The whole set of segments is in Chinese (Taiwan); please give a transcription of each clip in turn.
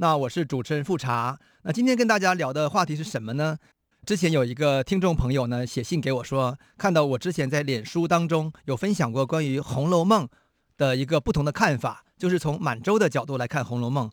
那我是主持人富察。那今天跟大家聊的話題是什麼呢？之前有一個聽眾朋友呢寫信給我說，看到我之前在臉書當中有分享過關於《紅樓夢》的一個不同的看法，就是從滿洲的角度來看《紅樓夢》，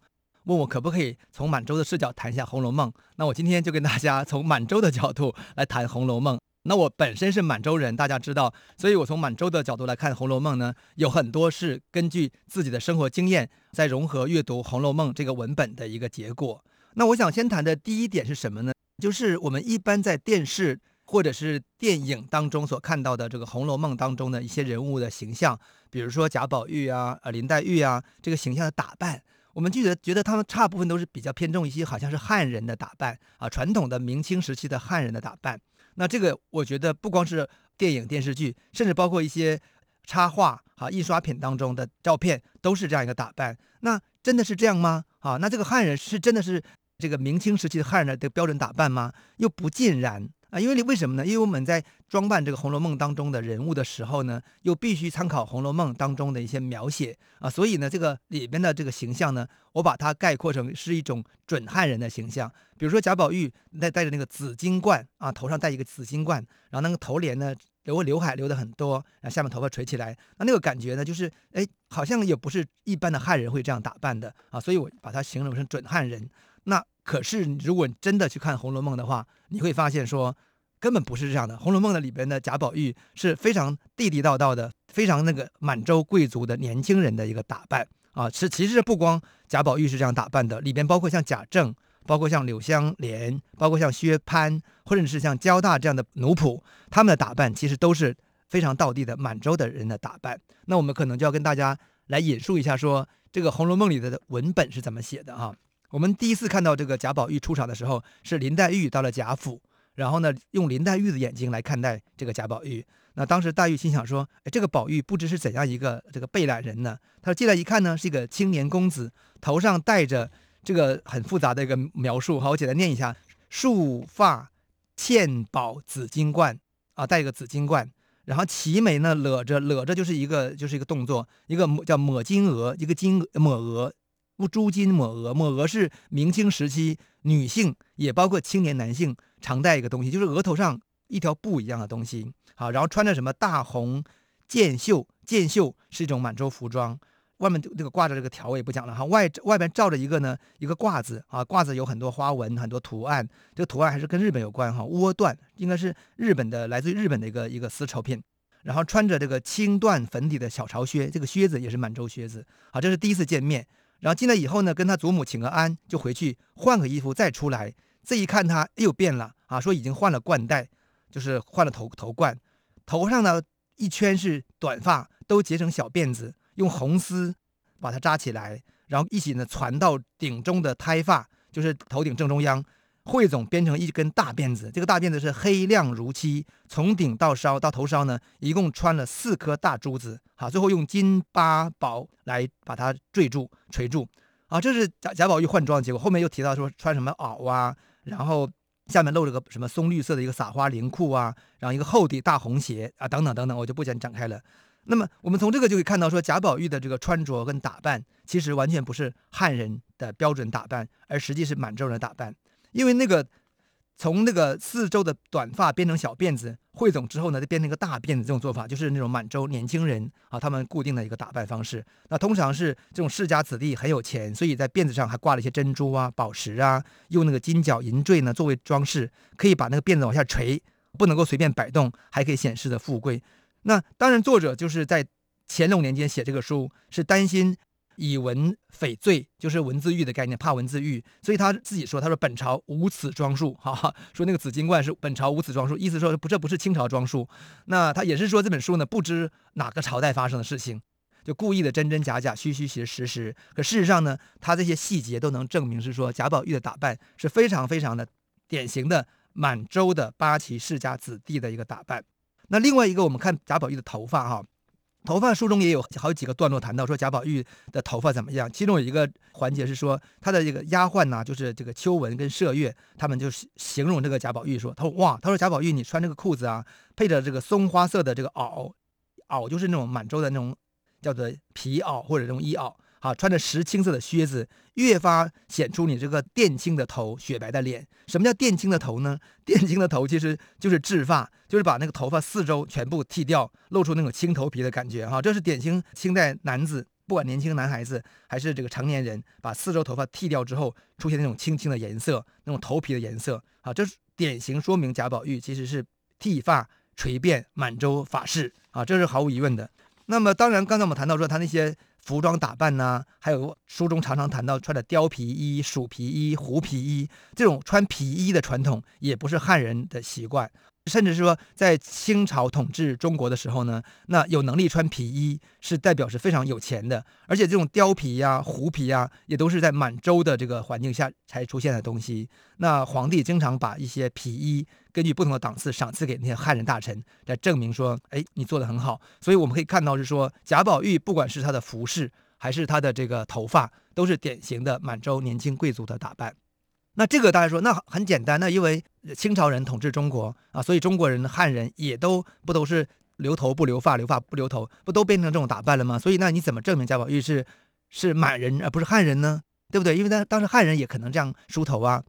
問我可不可以從滿洲的視角談一下《紅樓夢》。那我今天就跟大家從滿洲的角度來談《紅樓夢》。那我本身是滿洲人，大家知道，所以我從滿洲的角度來看《紅樓夢》呢，有很多是根據自己的生活經驗在融合閱讀《紅樓夢》這個文本的一個結果。那我想先談的第一點是什麼呢？就是我們一般在電視或者是電影當中所看到的這個《紅樓夢》當中的一些人物的形象，比如說賈寶玉啊、林黛玉啊，這個形象的打扮，我們覺得覺得他們大部分都是比較偏重一些，好像是漢人的打扮啊，傳統的明清時期的漢人的打扮。那這個我覺得不光是電影、電視劇，甚至包括一些插畫、哈印刷品當中的照片，都是這樣一個打扮。那真的是這樣嗎？啊，那這個漢人是真的是這個明清時期的漢人的標準打扮嗎？又不盡然。啊，因為你為什麼呢？因為我們在裝扮這個《紅樓夢》當中的人物的時候呢，又必須參考《紅樓夢》當中的一些描寫啊，所以呢，這個裡邊的這個形象呢，我把它概括成是一種準漢人的形象。比如說賈寶玉戴戴着那個紫金冠啊，頭上戴一個紫金冠，然後那個頭簾呢，留劉海留的很多，然後下面頭髮垂起來，那那個感覺呢，就是哎，好像也不是一般的漢人會這樣打扮的啊，所以我把它形容成準漢人。那可是如果你真的去看《紅樓夢》的話，你會發現說，根本不是這樣的，《紅樓夢》的裡邊的賈寶玉是非常地地道道的，非常那個滿洲貴族的年輕人的一個打扮啊。其其實不光賈寶玉是這樣打扮的，裡邊包括像賈政，包括像柳湘蓮，包括像薛蟠，或者是像焦大這樣的奴僕，他們的打扮其實都是非常道地的滿洲的人的打扮。那我們可能就要跟大家來引述一下說，說這個《紅樓夢》裡的文本是怎麼寫的啊。我們第一次看到這個賈寶玉出場的時候，是林黛玉到了賈府。然後呢，用林黛玉的眼睛來看待這個賈寶玉。那當時黛玉心想說：“哎，這個寶玉不知是怎樣一個這個憊懶人呢？”他說進來一看呢，是一個青年公子，頭上戴着這個很複雜的一個描述，好，我簡單念一下：束髮嵌寶紫金冠啊，戴一個紫金冠，然後齊眉呢勒着勒着，着就是一個就是一個動作，一個叫抹金額，一個金抹額，珠金抹額，抹額是明清時期女性，也包括青年男性。常戴一個東西，就是額頭上一條布一樣的東西，好，然後穿着什麼大紅，箭袖，箭袖是一種滿洲服裝，外面這個掛着這個條我也不講了哈，外外邊罩着一個呢，一個褂子啊，褂子有很多花紋，很多圖案，這個圖案還是跟日本有關哈，倭緞應該是日本的，來自於日本的一個一個絲綢片，然後穿着這個青緞粉底的小朝靴，這個靴子也是滿洲靴子，好，這是第一次見面，然後進來以後呢，跟他祖母請個安，就回去換個衣服再出來。這一看，他又變了啊，說已經換了冠帶，就是換了頭頭冠，頭上呢一圈是短髮，都結成小辮子，用紅絲把它紮起來，然後一起呢攢到頂中的胎髮，就是頭頂正中央，匯總編成一根大辮子。這個大辮子是黑亮如漆，從頂到梢到頭梢呢，一共穿了四顆大珠子，好、啊，最後用金八寶來把它墜住垂住。啊，這是賈賈寶玉換裝的結果。後面又提到說穿什麼襖啊？然後下面露着個什麼松綠色的一個撒花綾褲啊，然後一個厚底大紅鞋啊，等等等等，我就不想展開了。那麼我們從這個就可以看到，說賈寶玉的這個穿着跟打扮，其實完全不是漢人的標準打扮，而實際是滿洲人的打扮，因為那個從那個四周的短髮編成小辮子。彙總之後呢，就變成一個大辮子。這種做法就是那種滿洲年輕人啊，他們固定的一個打扮方式。那通常是這種世家子弟很有錢，所以在辮子上還掛了一些珍珠啊、寶石啊，用那個金角銀墜呢作為裝飾。可以把那個辮子往下垂，不能夠隨便擺動，還可以顯示的富貴。那當然，作者就是在乾隆年間寫這個書，是擔心。以文匪罪就是文字獄的概念，怕文字獄，所以他自己說，他說本朝無此裝束，哈哈，說那個紫金冠是本朝無此裝束，意思說不，這不是清朝裝束。那他也是說這本書呢，不知哪個朝代發生的事情，就故意的真真假假，假，虛虛實實。實。可事實上呢，他這些細節都能證明是說賈寶玉的打扮是非常非常的典型的滿洲的八旗世家子弟的一個打扮。那另外一個，我們看賈寶玉的頭髮、啊，哈。頭髮書中也有好幾個段落談到說賈寶玉的頭髮怎麼樣，其中有一個環節是說他的這個丫鬟呢、啊，就是這個秋紋跟麝月，他們就是形容這個賈寶玉說，他說哇，他說賈寶玉你穿這個褲子啊，配着這個松花色的這個襖，襖就是那種滿洲的那種叫做皮襖或者那種衣襖。啊，穿着石青色的靴子，越發顯出你這個靛青的頭、雪白的臉。什麼叫靛青的頭呢？靛青的頭其實就是剃髮，就是把那個頭髮四周全部剃掉，露出那種青頭皮的感覺。哈，這是典型清代男子，不管年輕男孩子還是這個成年人，把四周頭髮剃掉之後，出現那種青青的顏色，那種頭皮的顏色。啊，這是典型說明賈寶玉其實是剃髮垂辮滿洲髮式啊，這是毫無疑問的。那麼，當然剛才我們談到說他那些。服裝打扮呢、啊，還有書中常常談到穿着貂皮衣、鼠皮衣、狐皮衣，這種穿皮衣的傳統也不是漢人的習慣。甚至是說，在清朝統治中國的時候呢，那有能力穿皮衣是代表是非常有錢的，而且這種貂皮呀、啊、狐皮呀、啊，也都是在滿洲的這個環境下才出現的東西。那皇帝經常把一些皮衣根據不同的檔次賞賜給那些漢人大臣，來證明說，哎，你做得很好。所以我們可以看到，是說賈寶玉不管是他的服飾還是他的這個頭髮，都是典型的滿洲年輕貴族的打扮。那這個大家說，那很簡單，那因為。清朝人統治中國啊，所以中國人的漢人也都不都是留頭不留髮，留髮不留頭，不都變成這種打扮了嗎？所以那你怎麼證明賈寶玉是是滿人而、啊、不是漢人呢？對不對？因為當當時漢人也可能這樣梳頭啊。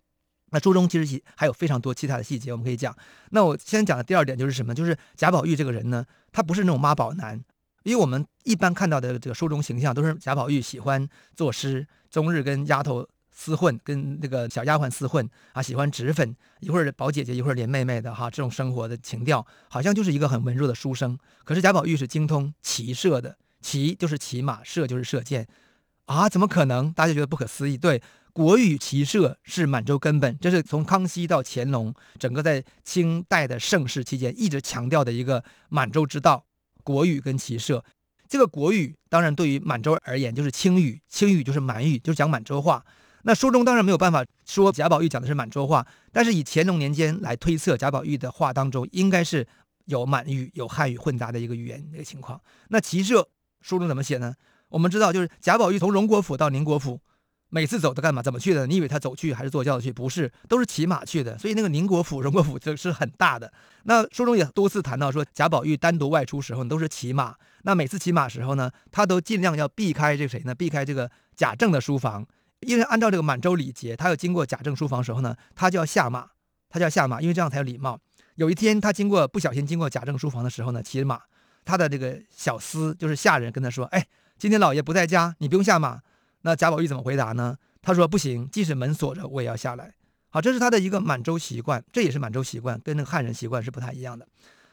那書中其實還有非常多其他的細節，我們可以講。那我先講的第二點就是什麼？就是賈寶玉這個人呢，他不是那種媽寶男，因為我們一般看到的這個書中形象都是賈寶玉喜歡作詩，終日跟丫頭。厮混跟那個小丫鬟厮混啊，喜歡脂粉，一會兒寶姐姐，一會兒林妹妹的哈，這種生活的情調，好像就是一個很文弱的書生。可是賈寶玉是精通騎射的，騎就是騎馬，射就是射箭啊，怎麼可能？大家覺得不可思議。對，國語騎射是滿洲根本，這是從康熙到乾隆整個在清代的盛世期間一直強調的一個滿洲之道。國語跟騎射，這個國語當然對於滿洲而言就是清語，清語就是滿語，就是講滿洲話。那書中當然沒有辦法說賈寶玉講的是滿洲話，但是以乾隆年間來推測，賈寶玉的話當中應該是有滿語、有漢語混雜的一個語言一個情況。那騎射書中怎麼寫呢？我們知道，就是賈寶玉從榮國府到寧國府，每次走的幹嘛？怎麼去的？你以為他走去還是坐轎子去？不是，都是騎馬去的。所以那個寧國府、榮國府這是很大的。那書中也多次談到說，賈寶玉單獨外出時候都是騎馬。那每次騎馬時候呢，他都盡量要避開這個誰呢？避開這個賈政的書房。因為按照這個滿洲禮節，他要經過賈政書房的時候呢，他就要下馬，他就要下馬，因為這樣才有禮貌。有一天，他經過不小心經過賈政書房的時候呢，騎着馬，他的這個小厮就是下人跟他說：“哎，今天老爺不在家，你不用下馬。”那賈寶玉怎麼回答呢？他說：“不行，即使門鎖着，我也要下來。”好，這是他的一個滿洲習慣，這也是滿洲習慣，跟那個漢人習慣是不太一樣的。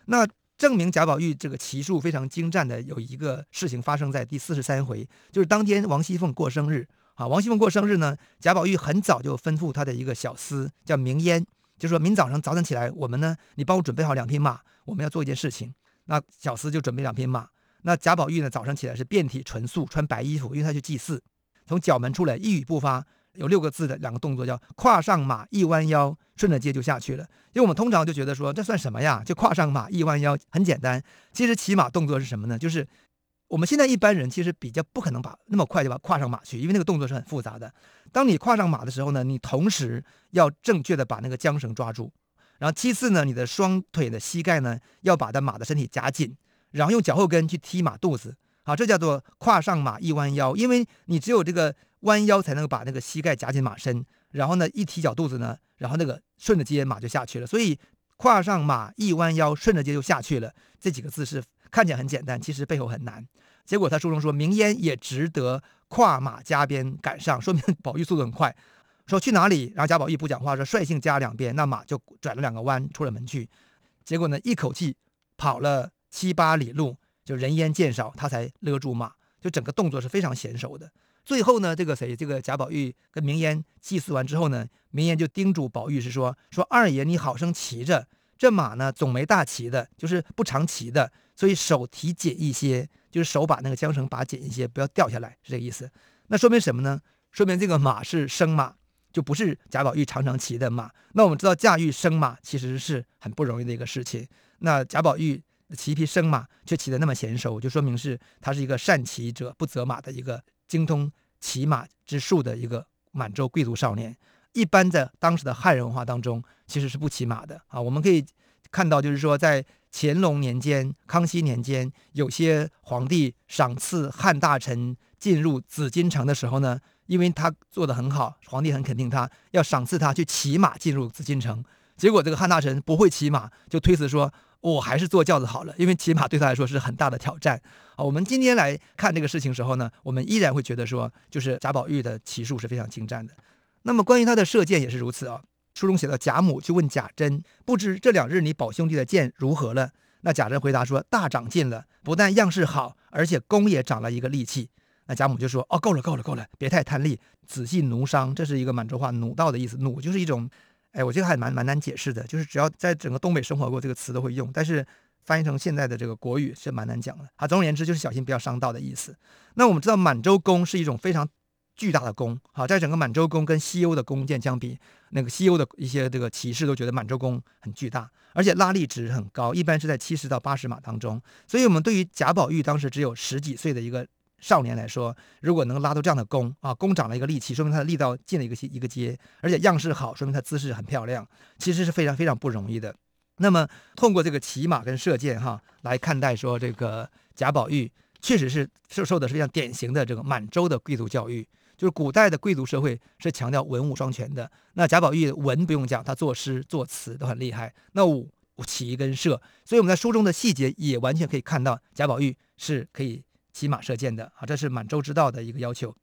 那證明賈寶玉這個騎術非常精湛的有一個事情發生在第四十三回，就是當天王熙鳳過生日。啊，王熙鳳過生日呢，賈寶玉很早就吩咐他的一個小厮叫茗煙，就是說明早上早晨起來，我們呢，你幫我準備好兩匹馬，我們要做一件事情。那小厮就準備兩匹馬。那賈寶玉呢，早上起來是遍體純素，穿白衣服，因為他去祭祀。從角門出來，一語不發，有六個字的兩個動作叫跨上馬，一彎腰，順着街就下去了。因為我們通常就覺得說這算什麼呀？就跨上馬，一彎腰，很簡單。其實騎馬動作是什麼呢？就是。我們現在一般人其實比較不可能把那麼快就把跨上馬去，因為那個動作是很複雜的。當你跨上馬的時候呢，你同時要正確的把那個韁繩抓住，然後其次呢，你的雙腿的膝蓋呢要把它馬的身體夾緊，然後用腳後跟去踢馬肚子，好，這叫做跨上馬一彎腰，因為你只有這個彎腰才能把那個膝蓋夾緊馬身，然後呢一踢腳肚子呢，然後那個順着街馬就下去了。所以跨上馬一彎腰，順着街就下去了，這幾個字是。看起來很簡單，其實背後很難。結果他書中說，茗煙也值得跨馬加鞭趕上，說明寶玉速度很快。說去哪裡？然後賈寶玉不講話，說率性加兩鞭，那馬就轉了兩個彎，出了門去。結果呢，一口氣跑了七八裡路，就人煙漸少，他才勒住馬。就整個動作是非常嫻熟的。最後呢，這個誰？這個賈寶玉跟茗煙祭祀完之後呢，茗煙就叮囑寶玉是說：“說二爺你好生騎着。”這馬呢，總沒大騎的，就是不常騎的，所以手提緊一些，就是手把那個繮繩把緊一些，不要掉下來，是這個意思。那說明什麼呢？說明這個馬是生馬，就不是賈寶玉常常騎的馬。那我們知道駕馭生馬其實是很不容易的一個事情。那賈寶玉騎一匹生馬卻騎得那麼嫻熟，就說明是他是一個善騎者不擇馬的一個精通騎馬之術的一個滿洲貴族少年。一般在當時的漢人文化當中，其實是不騎馬的啊。我們可以看到，就是說在乾隆年間、康熙年間，有些皇帝賞賜漢大臣進入紫禁城的時候呢，因為他做的很好，皇帝很肯定他，要賞賜他去騎馬進入紫禁城。結果這個漢大臣不會騎馬，就推辭說：“我、哦、還是坐轎子好了，因為騎馬對他來說是很大的挑戰。”啊，我們今天來看這個事情的時候呢，我們依然會覺得說，就是賈寶玉的騎術是非常精湛的。那麼關於他的射箭也是如此啊、哦。書中寫到，賈母就問賈珍，不知這兩日你寶兄弟的箭如何了？那賈珍回答說，大長進了，不但樣式好，而且弓也長了一個力氣。那賈母就說，哦，夠了夠了夠了，別太貪力，仔細努傷，這是一個滿洲話努到的意思，努就是一種，哎，我覺得還蠻蠻難解釋的，就是只要在整個東北生活過，這個詞都會用，但是翻譯成現在的這個國語是蠻難講的。啊，總而言之就是小心不要傷到的意思。那我們知道滿洲弓是一種非常。巨大的弓，好，在整個滿洲弓跟西歐的弓箭相比，那個西歐的一些這個騎士都覺得滿洲弓很巨大，而且拉力值很高，一般是在七十到八十碼當中。所以，我們對於賈寶玉當時只有十幾歲的一個少年來說，如果能拉到這樣的弓，啊，弓長了一個力氣，說明他的力道進了一個一個階，而且樣式好，說明他姿勢很漂亮，其實是非常非常不容易的。那麼，通過這個騎馬跟射箭，哈，來看待說這個賈寶玉確實是受受的是非常典型的這個滿洲的貴族教育。就是古代的貴族社會是強調文武雙全的。那賈寶玉文不用講，他作詩作詞都很厲害。那武騎跟射，所以我們在書中的細節也完全可以看到賈寶玉是可以騎馬射箭的啊。這是滿洲之道的一個要求。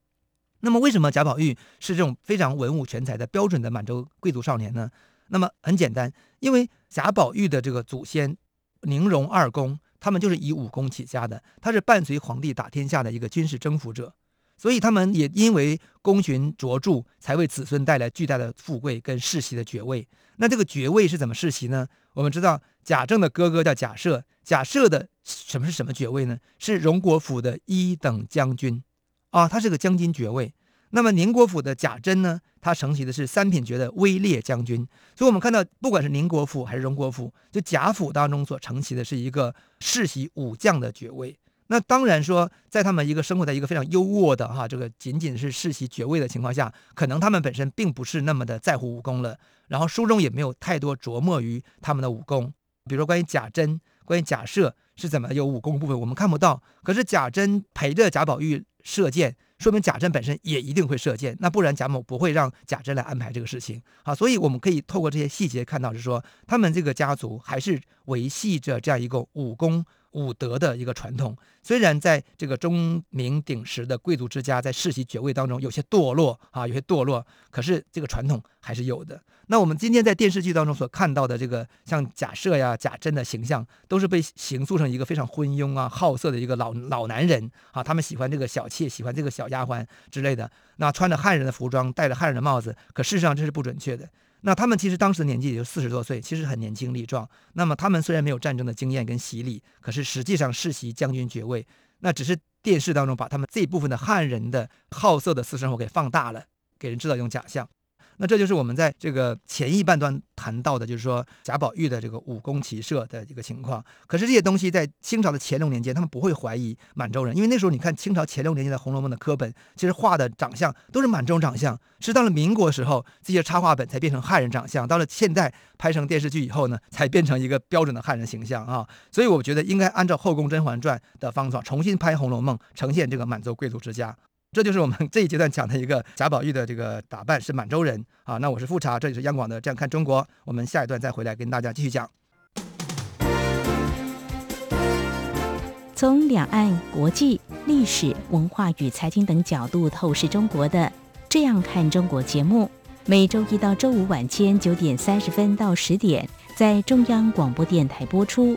那麼為什麼賈寶玉是這種非常文武全才的標準的滿洲貴族少年呢？那麼很簡單，因為賈寶玉的這個祖先寧榮二公，他們就是以武功起家的，他是伴隨皇帝打天下的一個軍事征服者。所以他們也因為功勳卓著，才為子孫帶來巨大的富貴跟世襲的爵位。那這個爵位是怎麼世襲呢？我們知道賈政的哥哥叫賈赦，賈赦的什麼是什麼爵位呢？是榮國府的一等將軍。啊，他是個將軍爵位。那麼寧國府的賈珍呢，他承襲的是三品爵的威烈將軍。所以我們看到，不管是寧國府還是榮國府，就賈府當中所承襲的是一個世襲武將的爵位。那當然說，在他們一個生活在一個非常優渥的哈，這個僅僅是世襲爵位的情況下，可能他們本身並不是那麼的在乎武功了。然後書中也沒有太多琢磨於他們的武功，比如說關於賈珍、關於賈赦是怎麼有武功部分，我們看不到。可是賈珍陪着賈寶玉射箭，說明賈珍本身也一定會射箭，那不然賈母不會讓賈珍來安排這個事情啊。所以我們可以透過這些細節看到，是說他們這個家族還是維繫着這樣一個武功。武德的一個傳統，雖然在這個鐘鳴鼎食的貴族之家，在世襲爵位當中有些墮落啊，有些墮落，可是這個傳統還是有的。那我們今天在電視劇當中所看到的這個像賈赦呀、賈珍的形象，都是被形塑成一個非常昏庸啊、好色的一個老老男人啊，他們喜歡這個小妾，喜歡這個小丫鬟之類的。那穿着漢人的服裝，戴着漢人的帽子，可事實上這是不準確的。那他們其實當時的年紀也就四十多歲，其實很年輕力壯。那麼他們雖然沒有戰爭的經驗跟洗禮，可是實際上世襲將軍爵位。那只是電視當中把他們這一部分的漢人的好色的私生活給放大了，給人制造一種假象。那這就是我們在這個前一半段談到的，就是說賈寶玉的這個武功騎射的一個情況。可是這些東西在清朝的乾隆年間，他們不會懷疑滿洲人，因為那時候你看清朝乾隆年間的《紅樓夢》的刻本，其實畫的長相都是滿洲長相。是到了民國時候，這些插畫本才變成漢人長相。到了現代拍成電視劇以後呢，才變成一個標準的漢人形象啊。所以我覺得應該按照《後宮甄嬛傳》的方法重新拍《紅樓夢》，呈現這個滿洲貴族之家。這就是我們這一階段講的一個賈寶玉的這個打扮是滿洲人啊。那我是富察，這裡是央廣的《這樣看中國》，我們下一段再回來跟大家繼續講。從兩岸國際歷史文化與財經等角度透視中國的《這樣看中國》節目，每周一到周五晚間九點三十分到十點在中央廣播電台播出。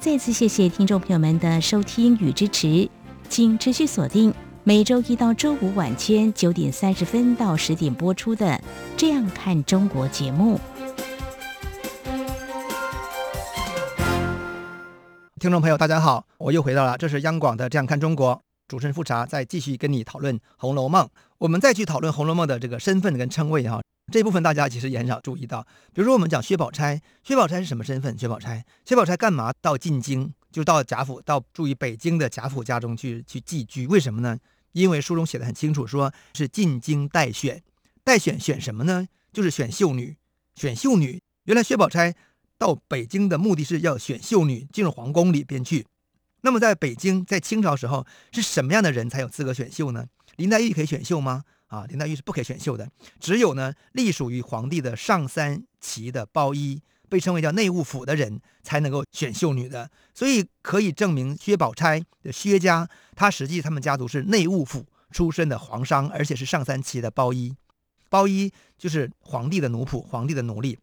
再次謝謝聽眾朋友們的收聽與支持，請持續鎖定每週一到週五晚間九點三十分到十點播出的《這樣看中國》節目。聽眾朋友，大家好，我又回到了，這是央廣的《這樣看中國》。主持人富察，再繼續跟你討論《紅樓夢》。我們再去討論《紅樓夢》的這個身份跟稱謂哈、啊，這部分大家其實也很少注意到。比如說，我們講薛寶釵，薛寶釵是什麼身份？薛寶釵，薛寶釵幹嘛到進京，就到賈府，到住於北京的賈府家中去去寄居？為什麼呢？因為書中寫的很清楚說，說是進京待選，待選選什麼呢？就是選秀女，選秀女。原來薛寶釵到北京的目的是要選秀女，進入皇宮裡邊去。那麼在北京，在清朝時候，是什麼樣的人才有資格選秀呢？林黛玉可以選秀嗎？啊，林黛玉是不可以選秀的。只有呢，隸屬於皇帝的上三旗的包衣，被稱為叫內務府的人，才能夠選秀女的。所以可以證明，薛寶釵的薛家，他實際他們家族是內務府出身的皇商，而且是上三旗的包衣。包衣就是皇帝的奴僕，皇帝的奴隸。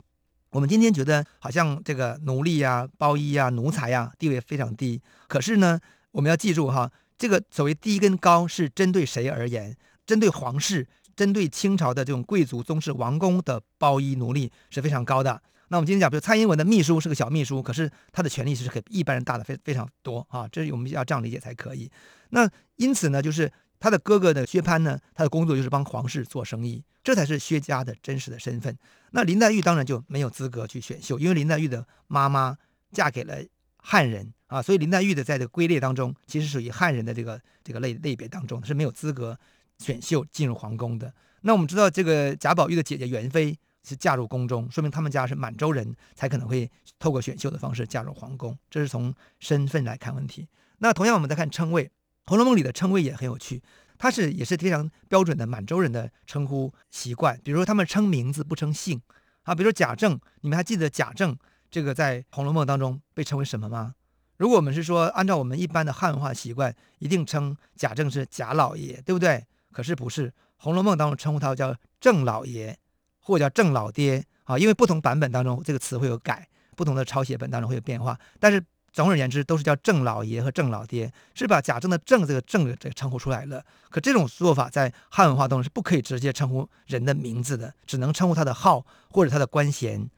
我們今天覺得好像這個奴隸呀、啊、包衣呀、啊、奴才呀、啊、地位非常低，可是呢，我們要記住哈，這個所謂低跟高是針對誰而言？針對皇室、針對清朝的這種貴族宗室、王公的包衣奴隸是非常高的。那我們今天講，比如蔡英文的秘書是個小秘書，可是他的權力是比一般人大的非非常多啊，這是我們要這樣理解才可以。那因此呢，就是。他的哥哥呢，薛蟠呢，他的工作就是幫皇室做生意，這才是薛家的真實的身份。那林黛玉當然就沒有資格去選秀，因為林黛玉的媽媽嫁給了漢人啊，所以林黛玉的在這個歸類當中，其實屬於漢人的這個這個類類別當中是沒有資格選秀進入皇宮的。那我們知道，這個賈寶玉的姐姐元妃是嫁入宮中，說明他們家是滿洲人才可能會透過選秀的方式嫁入皇宮，這是從身份來看問題。那同樣，我們再看稱謂。《紅樓夢》裡的稱謂也很有趣，它是也是非常標準的滿洲人的稱呼習慣。比如說，他們稱名字不稱姓，啊，比如說賈政，你們還記得賈政這個在《紅樓夢》當中被稱為什麼嗎？如果我們是說按照我們一般的漢文化習慣，一定稱賈政是賈老爺，對不對？可是不是，《紅樓夢》當中稱呼他叫政老爺，或者叫政老爹啊，因為不同版本當中這個詞會有改，不同的抄寫本當中會有變化，但是。總而言之，都是叫政老爺和政老爹，是把賈政的“政”這個“政”這個稱呼出來了。可這種做法在漢文化中是不可以直接稱呼人的名字的，只能稱呼他的號或者他的官銜，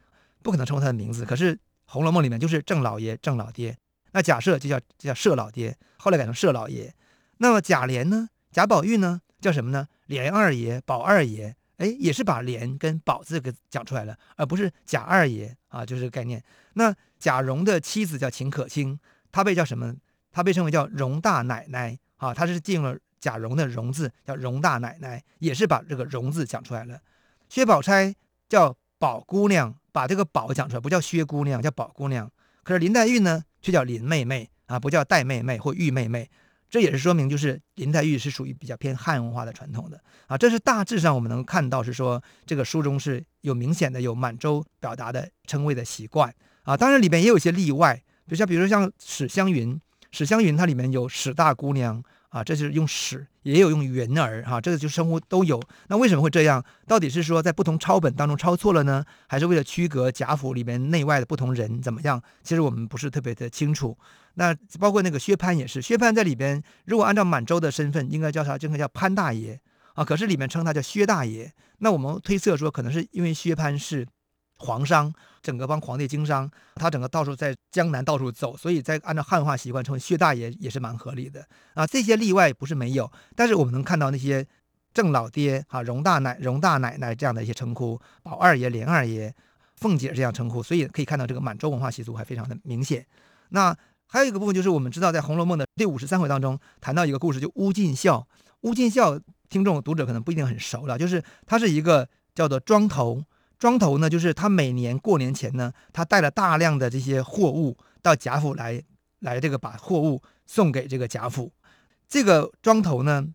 不可能稱呼他的名字。可是《紅樓夢》裡面就是政老爺、政老爹，那賈赦就叫就叫赦老爹，後來改成赦老爺。那麼賈璉呢？賈寶玉呢？叫什麼呢？璉二爺、寶二爺，哎，也是把“璉”跟“寶”字給講出來了，而不是賈二爺啊，就是個概念。那。賈蓉的妻子叫秦可卿，她被叫什麼？她被稱為叫蓉大奶奶啊，她是進了賈蓉的“蓉”字，叫蓉大奶奶，也是把這個“蓉”字講出來了。薛寶釵叫寶姑娘，把這個“寶”講出來，不叫薛姑娘，叫寶姑娘。可是林黛玉呢，卻叫林妹妹啊，不叫黛妹妹或玉妹妹。這也是說明，就是林黛玉是屬於比較偏漢文化的傳統的啊。這是大致上我們能看到，是說這個書中是有明顯的有滿洲表達的稱謂的習慣。啊，當然裡面也有一些例外，就像，比如說像史湘雲，史湘雲它裡面有史大姑娘啊，這就是用史，也有用雲兒哈、啊，這個就稱呼都有。那為什麼會這樣？到底是說在不同抄本當中抄錯了呢，還是為了區隔賈府裡面內外的不同人怎麼樣？其實我們不是特別的清楚。那包括那個薛蟠也是，薛蟠在裡邊，如果按照滿洲的身份應該叫啥？應該叫潘大爺啊，可是裡面稱他叫薛大爺。那我們推測說，可能是因為薛蟠是。皇商整個幫皇帝經商，他整個到處在江南到處走，所以在按照漢化習慣稱為薛大爺也是蠻合理的啊。這些例外不是沒有，但是我們能看到那些鄭老爹啊、榮大奶、榮大奶奶這樣的一些稱呼，寶二爺、璉二爺、鳳姐這樣稱呼，所以可以看到這個滿洲文化習俗還非常的明顯。那還有一個部分就是我們知道，在《紅樓夢》的第五十三回當中談到一個故事，就烏進孝。烏進孝，聽眾讀者可能不一定很熟了，就是他是一個叫做莊頭。莊頭呢，就是他每年過年前呢，他帶了大量的這些貨物到賈府來，來這個把貨物送給這個賈府。這個莊頭呢，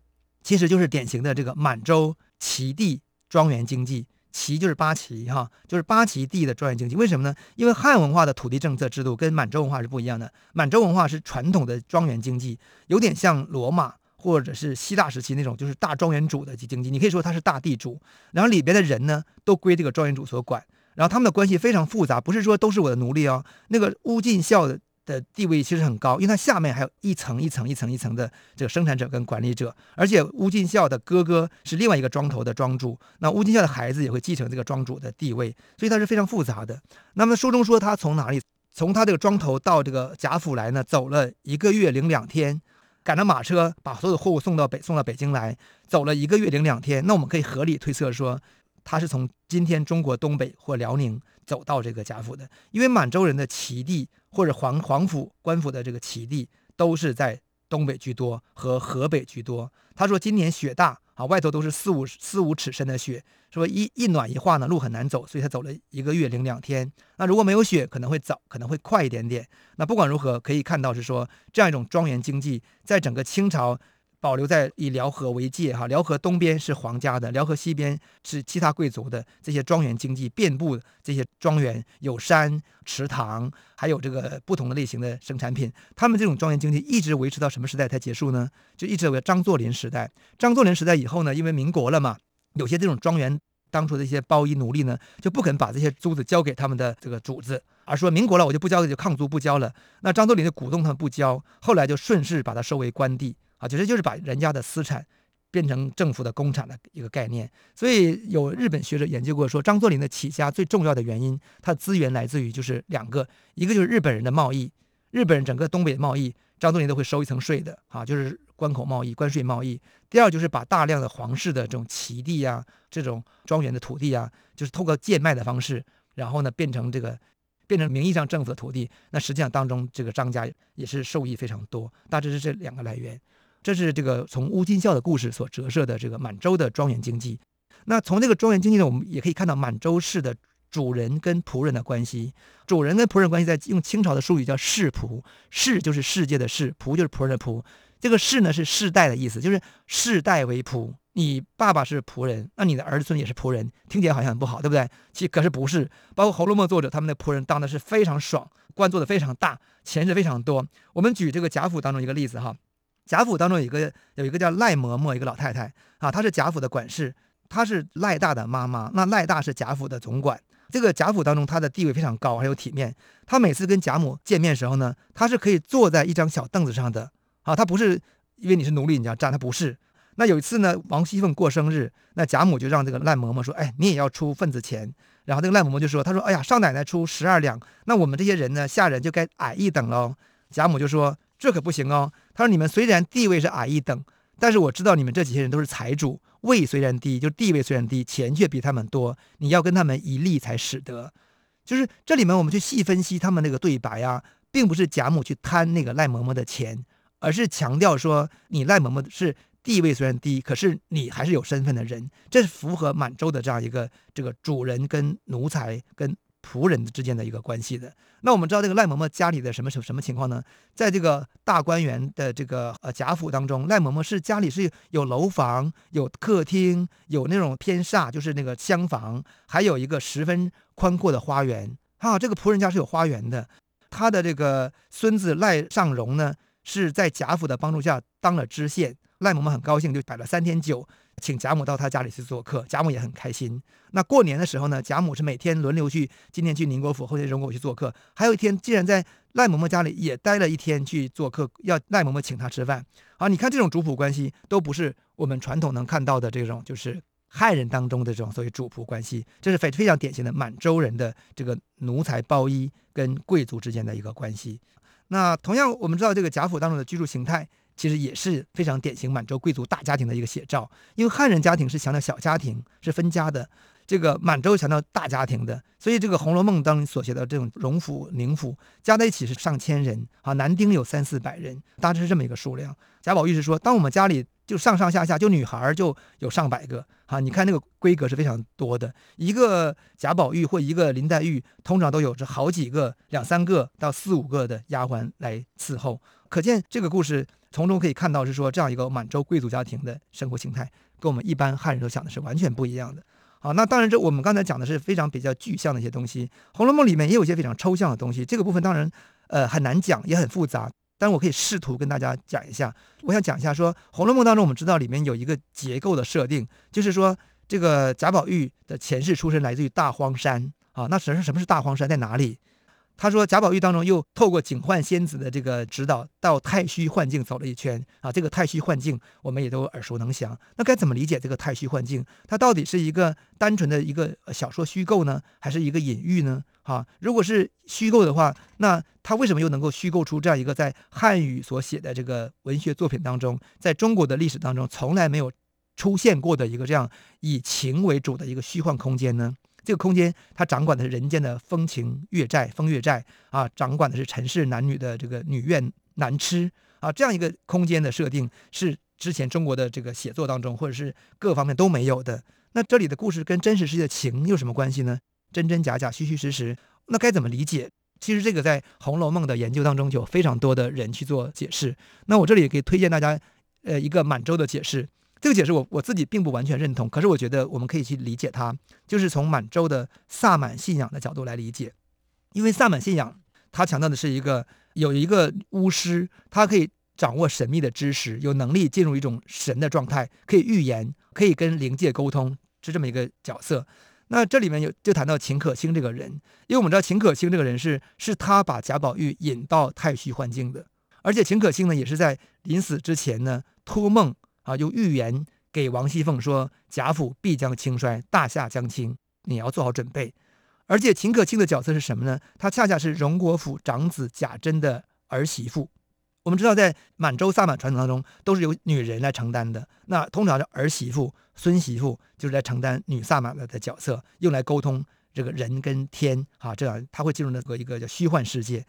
其實就是典型的這個滿洲旗地莊園經濟，旗就是八旗哈、啊，就是八旗地的莊園經濟。為什麼呢？因為漢文化的土地政策制度跟滿洲文化是不一樣的，滿洲文化是傳統的莊園經濟，有點像羅馬。或者是希臘時期那種，就是大莊園主的經濟，你可以說他是大地主，然後裡邊的人呢都歸這個莊園主所管，然後他們的關係非常複雜，不是說都是我的奴隸哦。那個烏進孝的的地位其實很高，因為他下面還有一層一層一層一層一層的這個生產者跟管理者，而且烏進孝的哥哥是另外一個莊頭的莊主，那烏進孝的孩子也會繼承這個莊主的地位，所以他是非常複雜的。那麼書中說他從哪裡？從他這個莊頭到這個賈府來呢？走了一個月零兩天。趕着馬車把所有的貨物送到北，送到北京來，走了一個月零兩天。那我們可以合理推測說，他是從今天中國東北或遼寧走到這個賈府的，因為滿洲人的旗地或者皇、皇府官府的這個旗地都是在東北居多和河北居多。他說今年雪大。啊，外頭都是四五四五尺深的雪，說一一暖一化呢，路很難走，所以他走了一個月零兩天。那如果沒有雪，可能會早，可能會快一點點。那不管如何，可以看到是說這樣一種莊園經濟，在整個清朝，保留在以遼河為界，哈，遼河東邊是皇家的，遼河西邊是其他貴族的。這些莊園經濟遍布這些莊園，有山、池塘，還有這個不同的類型的生產品。他們這種莊園經濟一直維持到什麼時代才結束呢？就一直為張作霖時代。張作霖時代以後呢，因為民國了嘛，有些這種莊園當初的一些包衣奴隸呢，就不肯把這些租子交給他們的這個主子，而說民國了，我就不交，就抗租不交了。那張作霖就鼓動他們不交，後來就順勢把它收為官地。啊，其實就是把人家的私產變成政府的公產的一個概念。所以有日本學者研究過說，說張作霖的起家最重要的原因，他的資源來自於就是兩個，一個就是日本人的貿易，日本人整個東北貿易，張作霖都會收一層稅的啊，就是關口貿易、關稅貿易。第二就是把大量的皇室的這種旗地呀、啊、這種莊園的土地啊，就是透過賤賣的方式，然後呢變成這個，變成名義上政府的土地。那實際上當中，這個張家也是受益非常多，大致是這兩個來源。這是這個從烏進孝的故事所折射的這個滿洲的莊園經濟。那從這個莊園經濟呢，我們也可以看到滿洲式的主人跟僕人的關係。主人跟僕人關係，在用清朝的術語叫世僕。世就是世界的世，僕就是僕人的僕。這個世呢是世代的意思，就是世代為僕。你爸爸是僕人，那你的兒孫也是僕人。聽起來好像很不好，對不對？其實可是不是。包括《紅樓夢》作者他們的僕人當的是非常爽，官做的非常大，錢是非常多。我們舉這個賈府當中一個例子哈。賈府當中有一個有一個叫賴嬤嬤，一個老太太啊，她是賈府的管事，她是賴大的媽媽。那賴大是賈府的總管，這個賈府當中他的地位非常高，很有體面。他每次跟賈母見面時候呢，他是可以坐在一張小凳子上的啊，他不是因為你是奴隸你要站，他不是。那有一次呢，王熙鳳過生日，那賈母就讓這個賴嬤嬤說：“哎，你也要出份子錢。”然後這個賴嬤嬤就說：“他說，哎呀，少奶奶出十二兩，那我們這些人呢，下人就該矮一等嘍。”賈母就說：“這可不行哦。”他說：“你們雖然地位是矮一等，但是我知道你們這幾些人都是財主，位雖然低，就地位雖然低，錢卻比他們多。你要跟他們一例才使得，就是這裡面我們去細分析他們那個對白啊，並不是賈母去貪那個賴嬤嬤的錢，而是強調說你賴嬤嬤是地位雖然低，可是你還是有身份的人，這是符合滿洲的這樣一個這個主人跟奴才跟。”僕人之間的一個關係的。那我們知道這個賴嬤嬤家裡的什麼什麼，什麼情況呢？在這個大觀園的這個呃賈府當中，賴嬤嬤是家裡是有樓房、有客廳、有那種偏廈，就是那個廂房，還有一個十分寬闊的花園。啊，這個僕人家是有花園的。他的這個孫子賴尚榮呢，是在賈府的幫助下當了知縣，賴嬤嬤很高興，就擺了三天酒。請賈母到他家裡去做客，賈母也很開心。那過年的時候呢，賈母是每天輪流去，今天去寧國府，後天榮國府去做客，還有一天竟然在賴嬤嬤家裡也待了一天去做客，要賴嬤嬤請他吃飯。啊，你看這種主僕關係都不是我們傳統能看到的這種，就是漢人當中的這種所謂主僕關係，這是非非常典型的滿洲人的這個奴才包衣跟貴族之間的一個關係。那同樣，我們知道這個賈府當中的居住形態。其實也是非常典型滿洲貴族大家庭的一個寫照，因為漢人家庭是強調小家庭，是分家的；這個滿洲強調大家庭的，所以這個《紅樓夢》當中所寫的這種榮府、寧府加在一起是上千人啊，男丁有三四百人，大致是這麼一個數量。賈寶玉是說，當我們家裡。就上上下下，就女孩就有上百個哈，你看那個規格是非常多的，一個賈寶玉或一個林黛玉，通常都有著好幾個、兩三個到四五個的丫鬟來伺候。可見這個故事從中可以看到，是說這樣一個滿洲貴族家庭的生活形態，跟我們一般漢人都想的是完全不一樣的。好，那當然，這我們剛才講的是非常比較具象的一些東西，《紅樓夢》裡面也有一些非常抽象的東西，這個部分當然呃很難講，也很複雜。但我可以試圖跟大家講一下，我想講一下說《紅樓夢》當中，我們知道裡面有一個結構的設定，就是說這個賈寶玉的前世出身來自於大荒山啊，那什什麼是大荒山，在哪裡？他說賈寶玉當中又透過警幻仙子的這個指導，到太虛幻境走了一圈啊。這個太虛幻境我們也都耳熟能詳。那該怎麼理解這個太虛幻境？它到底是一個單純的一個小說虛構呢，還是一個隱喻呢？哈、啊，如果是虛構的話，那它為什麼又能夠虛構出這樣一個在漢語所寫的這個文學作品當中，在中國的歷史當中從來沒有出現過的一個這樣以情為主的一個虛幻空間呢？這個空間，它掌管的是人間的風情月債，風月債啊，掌管的是塵世男女的這個女怨男痴啊，這樣一個空間的設定是之前中國的這個寫作當中或者是各方面都沒有的。那這裡的故事跟真實世界的情有什麼關係呢？真真假假，虛虛實實，那該怎麼理解？其實這個在《紅樓夢》的研究當中就有非常多的人去做解釋。那我這裡也可以推薦大家，呃，一個滿洲的解釋。這個解釋我我自己並不完全認同，可是我覺得我們可以去理解它，就是從滿洲的薩滿信仰的角度來理解，因為薩滿信仰它強調的是一個有一個巫師，他可以掌握神秘的知識，有能力進入一種神的狀態，可以預言，可以跟靈界溝通，是這麼一個角色。那這裡面有就談到秦可卿這個人，因為我們知道秦可卿這個人是是他把賈寶玉引到太虛幻境的，而且秦可卿呢也是在臨死之前呢托夢。啊，用預言給王熙鳳說，賈府必將傾衰，大廈將傾，你要做好準備。而且秦可卿的角色是什麼呢？她恰恰是榮國府長子賈珍的兒媳婦。我們知道，在滿洲薩滿傳統當中，都是由女人來承擔的。那通常是兒媳婦、孫媳婦，就是來承擔女薩滿的角色，用來溝通這個人跟天啊。這樣，她會進入那個一個叫虛幻世界。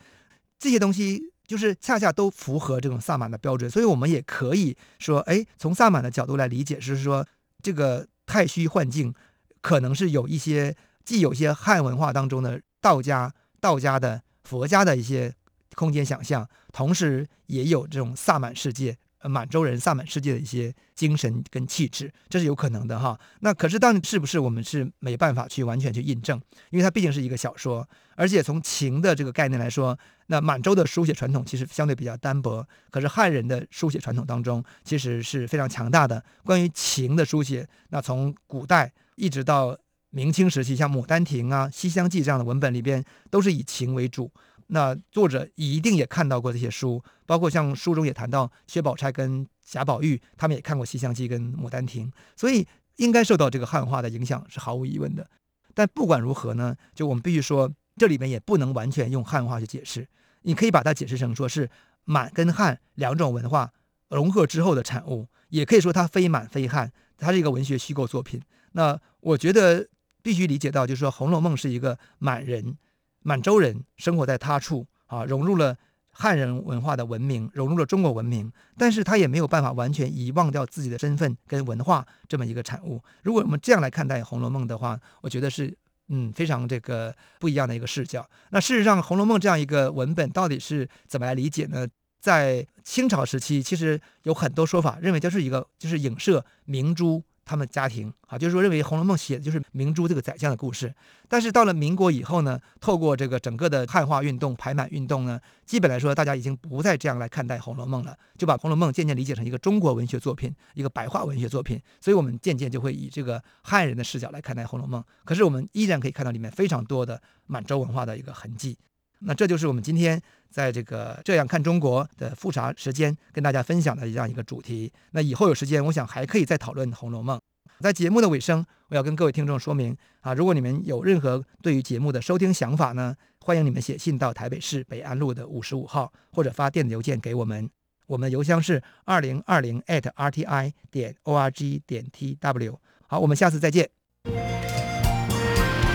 這些東西。就是恰恰都符合這種薩滿的標準，所以我們也可以說，哎，從薩滿的角度來理解，是說這個太虛幻境，可能是有一些既有一些漢文化當中的道家、道家的佛家的一些空間想象，同時也有這種薩滿世界，滿洲人薩滿世界的一些精神跟氣質，這是有可能的哈。那可是，當是不是我們是沒辦法去完全去印證，因為它畢竟是一個小說，而且從情的這個概念來說。那滿洲的書寫傳統其實相對比較單薄，可是漢人的書寫傳統當中其實是非常強大的。關於情的書寫，那從古代一直到明清時期，像《牡丹亭》啊、《西廂記》這樣的文本裡邊，都是以情為主。那作者一定也看到過這些書，包括像書中也談到薛寶釵跟賈寶玉，他們也看過《西廂記》跟《牡丹亭》，所以應該受到這個漢化的影響是毫無疑問的。但不管如何呢，就我們必須說。這裡面也不能完全用漢文化去解釋，你可以把它解釋成說是滿跟漢兩種文化融合之後的產物，也可以說它非滿非漢，它是一個文學虛構作品。那我覺得必須理解到，就是說《紅樓夢》是一個滿人、滿洲人生活在他處啊，融入了漢人文化的文明，融入了中國文明，但是他也沒有辦法完全遺忘掉自己的身份跟文化這麼一個產物。如果我們這樣來看待《紅樓夢》的話，我覺得是。嗯，非常這個不一樣的一個視角。那事實上，《紅樓夢》這樣一個文本到底是怎麼來理解呢？在清朝時期，其實有很多說法，認為就是一個就是影射明珠。他們家庭啊，就是說認為《紅樓夢》寫的就是明珠這個宰相的故事。但是到了民國以後呢，透過這個整個的漢化運動、排滿運動呢，基本來說大家已經不再這樣來看待《紅樓夢》了，就把《紅樓夢》漸漸理解成一個中國文學作品，一個白話文學作品。所以，我們漸漸就會以這個漢人的視角來看待《紅樓夢》。可是，我們依然可以看到裡面非常多的滿洲文化的一個痕跡。那這就是我們今天在這個《這樣看中國》的富察時間跟大家分享的這樣一個主題。那以後有時間，我想還可以再討論《紅樓夢》。在節目的尾聲，我要跟各位聽眾說明啊，如果你們有任何對於節目的收聽想法呢，歡迎你們寫信到台北市北安路的五十五號，或者發電子郵件給我們。我們的郵箱是二零二零 at rti 點 org 點 tw。好，我們下次再見。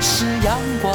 是陽光